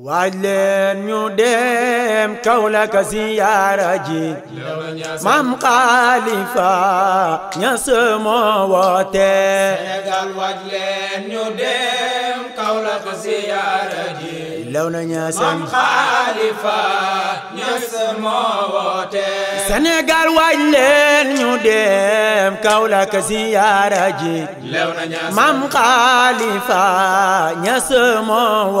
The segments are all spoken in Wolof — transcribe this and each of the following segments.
waaj leen ñu dem Kaolack ziyaara ji maam Khalifa Ñas moo woote Sénégal leen ñu dem Kaolack ziyaara ziyaara ji maam Khalifa Ñas moo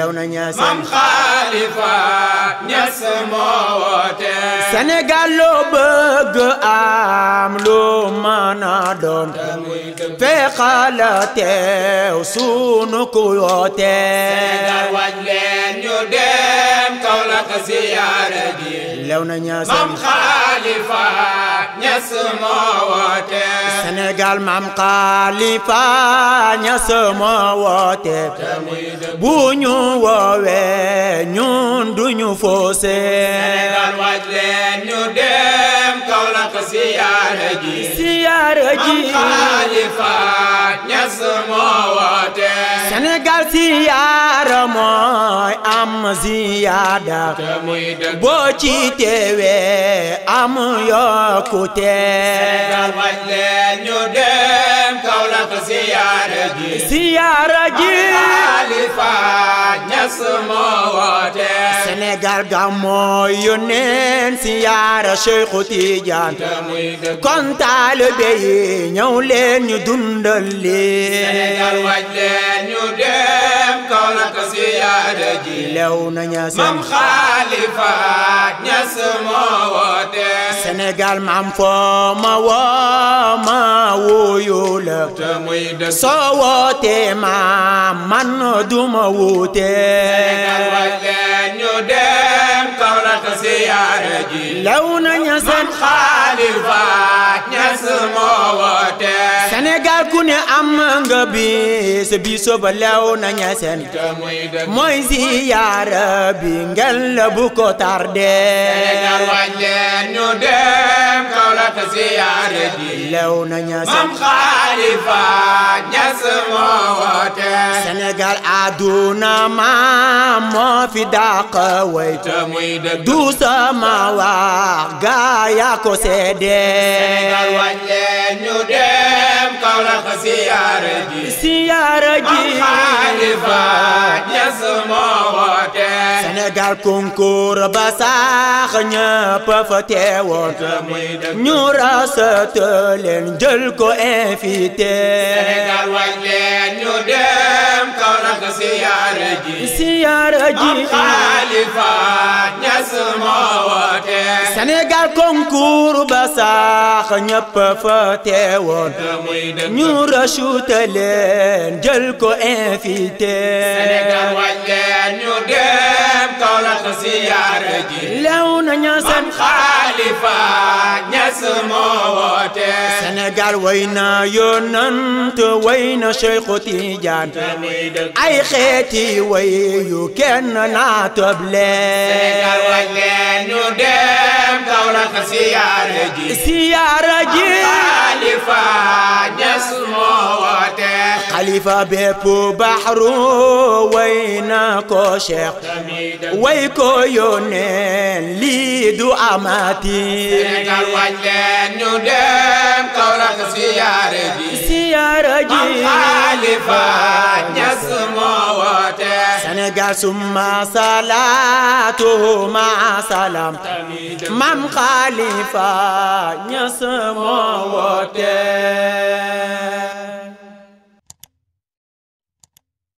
Léona Niassène. Mame Khalifa Niass moo woote. Sénégal loo bëgg am lu mën a doon. fexal teew sunu ku woote. Sénégal waaj leen ñu dee. tax ziyaara ji lew na ñaasa maam Khalifa Niass moo woote Sénégal maam Khalifa Niass moo woote bu ñu woowee ñun duñu foose Sénégal waaj leen ñu dem Kaolack ziyaara ji ziyaara ji maam Khalifa Niass moo woote Sénégal ziyaara ziyaada boo ci teewee am yokkute Sénégal waaj leen ñu dem Kaolack ziyaara ji ziyaara ji Xalifa Ñas moo woote Sénégal gàmmoo yónneen ziyaara Seexu Tijaan kon taalibe yi ñëw leen ñu dundal leen Sénégal waaj leen ñu dem defal na ko maam xaalifa ñas moo woote maam foo ma woo ma wuyu soo wootee maam man duma wuute Sénégal waay leen ñu dem kaw na ko na ña seen am nga bis biso ba lew na ñaseen mooy ziyaara bi ngeen la bu ko tardé Sénégal waaj leen ñu dem Kaolack ziyaara ji lew na ñaseen Maam Khalifa Ñas moo woote Sénégal aduna ma moo fi dàq way du sama wax gaa yaa ko seede Sénégal waaj ñu dem siyaara ji siyaara ji xalifa Ñas moo woote Sénégal concours ba saax ñëpp fa teewoon ñu rasat leen jël ko invité Sénégal wañ leen ñu dem Kaolack siyaara ji siyaara ji xalifa Ñas moo woote Sénégal concours ba saax ñëpp fa teewoon ñu rachuté leen jël ko invité Sénégal wàññi ñu dee Kaolack siyaare ji lew na ñaasam xaalifa ñas moo woote Sénégal way na yonant way na Cheikh Tidiane ay xeeti way yu kenn naatable Sénégal way leen ñu dem Kaolack siyaare ji siyaare ji xaalifa خليفة بيبو بحرو وين كوشيخ ويكو يونين ليدو أماتي سنقل وجلين يودين قولك سيارجي سيارجي خليفة سنقال سما صلاته مع سلام مام خليفة نسمو وتين